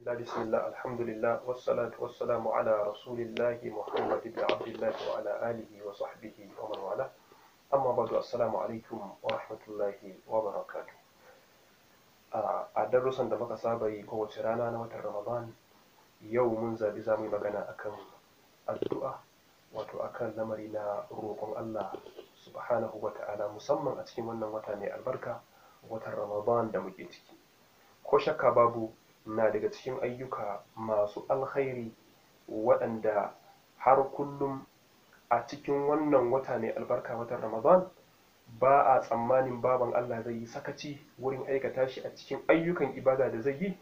الله بسم الله الحمد لله والصلاة والسلام على رسول الله محمد بن عبد الله وعلى آله وصحبه ومن والاه أما بعد السلام عليكم ورحمة الله وبركاته a darussan da muka saba kowace rana na watan ramadan yau mun zabi za mu yi magana akan addu'a wato akan lamari na roƙon allah subhanahu wa ta'ala musamman a cikin wannan wata mai albarka watan ramadan da muke ciki ko shakka babu na daga cikin ayyuka masu alkhairi waɗanda har kullum a cikin wannan wata ne albarka watan Ramadan ba a tsammanin baban Allah zai yi sakaci wurin aikata shi a cikin ayyukan ibada da zai yi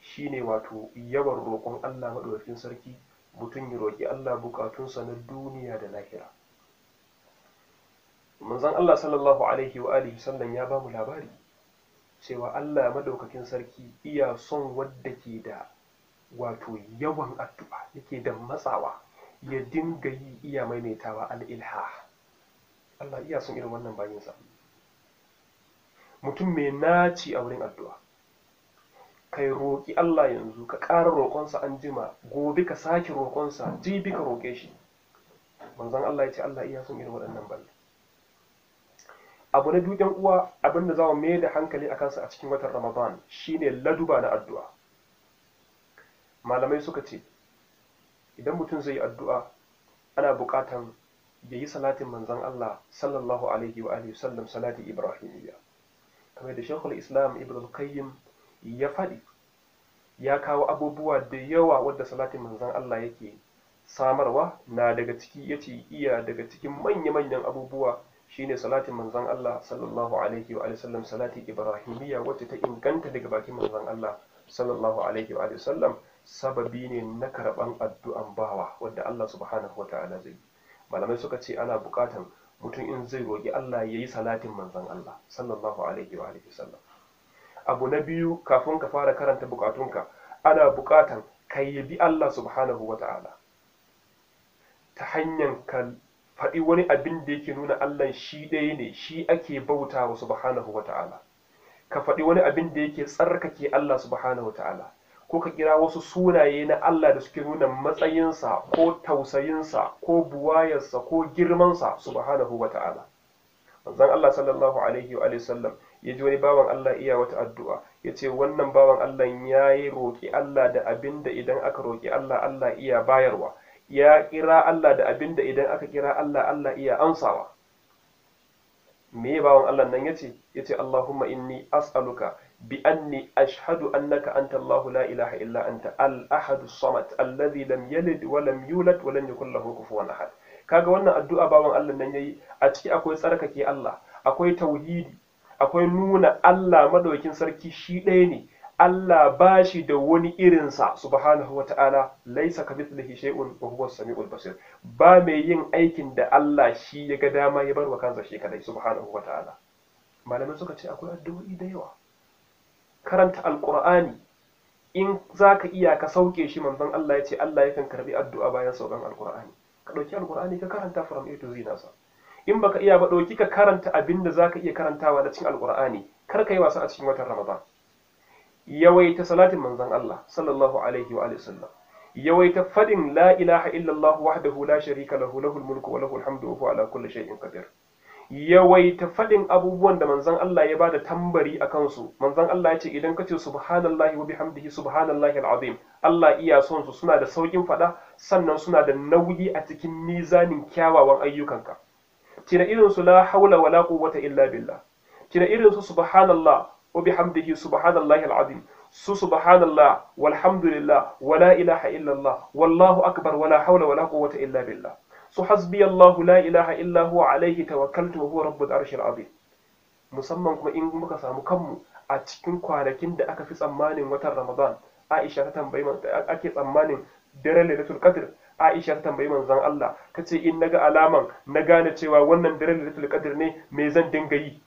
shine wato yawan roƙon Allah maɗaukakin sarki mutum ya roƙi Allah buƙatunsa na duniya da lahira manzon Allah sallallahu alaihi wa alihi sallam ya ba mu labari cewa Allah madaukakin sarki iya son wadda ke da wato yawan addu'a yake da matsawa ya dinga yi iya maimaitawa al'ilha Allah iya son irin wannan bayinsa mutum mai naci a wurin addu'a kai roƙi Allah yanzu ka ƙara roƙonsa an jima gobe ka sake roƙonsa jibi ka roƙe shi manzan Allah ya ce Allah iya son irin waɗannan bayi abu na biyu uwa abin da mu mai da hankali a kansa a cikin watan ramadan shine laduba na addu'a malamai suka ce idan mutum zai yi addu'a ana buƙatan ya yi salatin manzan Allah sallallahu alaihi wa alihi sallam salati ibrahimiyya kamar da shekul islam ibn al ya faɗi ya kawo abubuwa da yawa wadda salatin manzan Allah yake samarwa na daga ciki yace iya daga cikin manya-manyan abubuwa shine salatin manzon Allah sallallahu alaihi wa sallam salati ibrahimiyya wacce ta inganta daga bakin manzon Allah sallallahu alaihi wa sallam sababi ne na karban addu'an bawa wadda Allah subhanahu wa ta'ala zai malamai suka ce ana bukatan mutum in zai roƙi Allah yayi salatin manzon Allah sallallahu alaihi wa sallam abu na biyu kafin ka fara karanta bukatunka ana bukatan ka yabi Allah subhanahu wa ta'ala ta hanyar faɗi wani abin da yake nuna Allah shi ɗaya ne shi ake bauta wa subhanahu wa ta'ala ka faɗi wani abin da yake tsarkake Allah subhanahu wa ta'ala ko ka kira wasu sunaye na Allah da suke nuna matsayinsa ko tausayinsa ko buwayarsa ko girmansa subhanahu wa ta'ala manzon Allah sallallahu alaihi wa sallam ya ji wani bawan Allah iya wata addu'a ya ce wannan bawan Allah ya yi roƙi Allah da abinda idan aka roƙi Allah Allah iya bayarwa ya kira Allah da abinda idan aka kira Allah Allah iya amsawa me bawan Allah nan yace yace Allahumma inni as'aluka bi anni ashhadu annaka anta Allahu la ilaha illa anta al-ahad as-samad alladhi lam yalid wa lam yulad wa lam yakul lahu kufuwan ahad kaga wannan addu'a bawon Allah nan yayi a ciki akwai tsarkake Allah akwai tauhidi akwai nuna Allah madaukin sarki shi ɗaya ne Allah ba shi da wani irinsa subhanahu wa ta'ala laisa ka mithlihi da wa huwa sami basir ba mai yin aikin da Allah shi ya ga dama ya bar wa kansa shi kadai subhanahu wa ta'ala malamai suka ce akwai addu'o'i da yawa karanta alqur'ani in zaka iya ka sauke shi manzon Allah ya ce Allah yakan karbi addu'a bayan saukan alqur'ani ka ɗauki alqur'ani ka karanta from nasa in baka iya ba ɗauki ka karanta abinda zaka iya karantawa na cikin alqur'ani kar ka yi wasa a cikin watan Ramadan yawaita salatin manzon Allah sallallahu alaihi wa sallam yawaita fadin la ilaha illallah wahdahu la sharika lahu lahul mulku wa lahul hamdu wa huwa ala kulli shay'in qadir yawaita fadin abubuwan da manzon Allah ya bada tambari a kansu manzon Allah ya ce idan ka ce subhanallahi wa bihamdihi subhanallahi alazim Allah iya son su suna da saukin fada sannan suna da nauyi a cikin mizanin kyawawan ayyukanka tira irin su la haula wala quwwata illa billah tira irin su subhanallah wa bihamdihi subhanallahi alazim su subhanallah walhamdulillah wala ilaha illallah wallahu akbar wala hawla wala quwwata illa billah su hasbiyallahu la ilaha illa huwa alaihi ta wa huwa rabbul arshil azim musamman kuma in muka samu kanmu a cikin kwanakin da aka fi tsammanin watan Ramadan Aisha ta tambayi ake tsammanin daren Lailatul a Aisha ta tambayi manzon Allah tace in naga alaman na gane cewa wannan daren Lailatul Qadr ne me zan dinga yi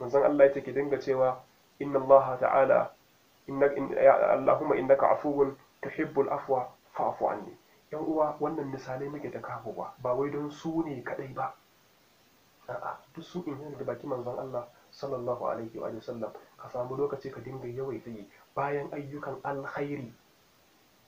manzon Allah ya ce dinga cewa inna Allah ta'ala Allahumma innaka afuwun tuhibbul afwa fa'fu anni yan uwa wannan misalai muke ta kafowa ba wai don su ne kadai ba a'a duk su in da baki manzon Allah sallallahu alaihi wa sallam ka samu lokaci ka dinga yawaita yi bayan ayyukan alkhairi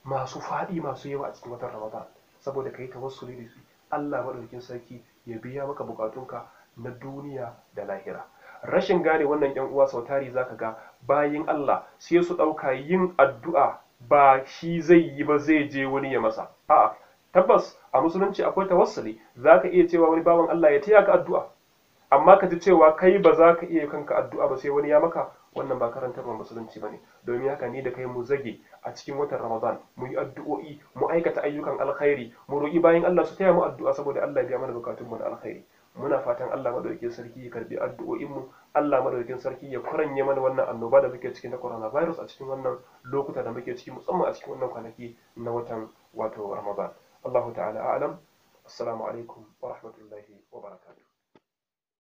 masu faɗi masu yawa a cikin watan Ramadan saboda kai tawassuli da su Allah madaukakin sarki ya biya maka bukatunka na duniya da lahira rashin gane wannan yan uwa sau tari zaka ga bayin Allah sai su ɗauka yin addu'a ba shi zai yi ba zai je wani ya masa a'a tabbas a musulunci akwai tawassuli zaka iya cewa wani bawan Allah ya taya ka addu'a amma ka ji cewa kai ba za ka iya kanka addu'a ba sai wani ya maka wannan ba karantar karantarwar musulunci ba ne. domin haka ni da kai mu zage a cikin watan Ramadan mu yi addu'o'i mu aikata ayyukan alkhairi mu roƙi bayan Allah su taya mu addu'a saboda Allah ya biya mana bukatunmu na alkhairi muna fatan Allah madaukakin sarki ya karbi addu'o'inmu, mu Allah madaukakin sarki ya kuranye mana wannan annoba da muke cikin ta coronavirus a cikin wannan lokuta da muke ciki musamman a cikin wannan kwanaki na watan wato Ramadan Allahu ta'ala a'lam assalamu alaikum wa rahmatullahi wa barakatuh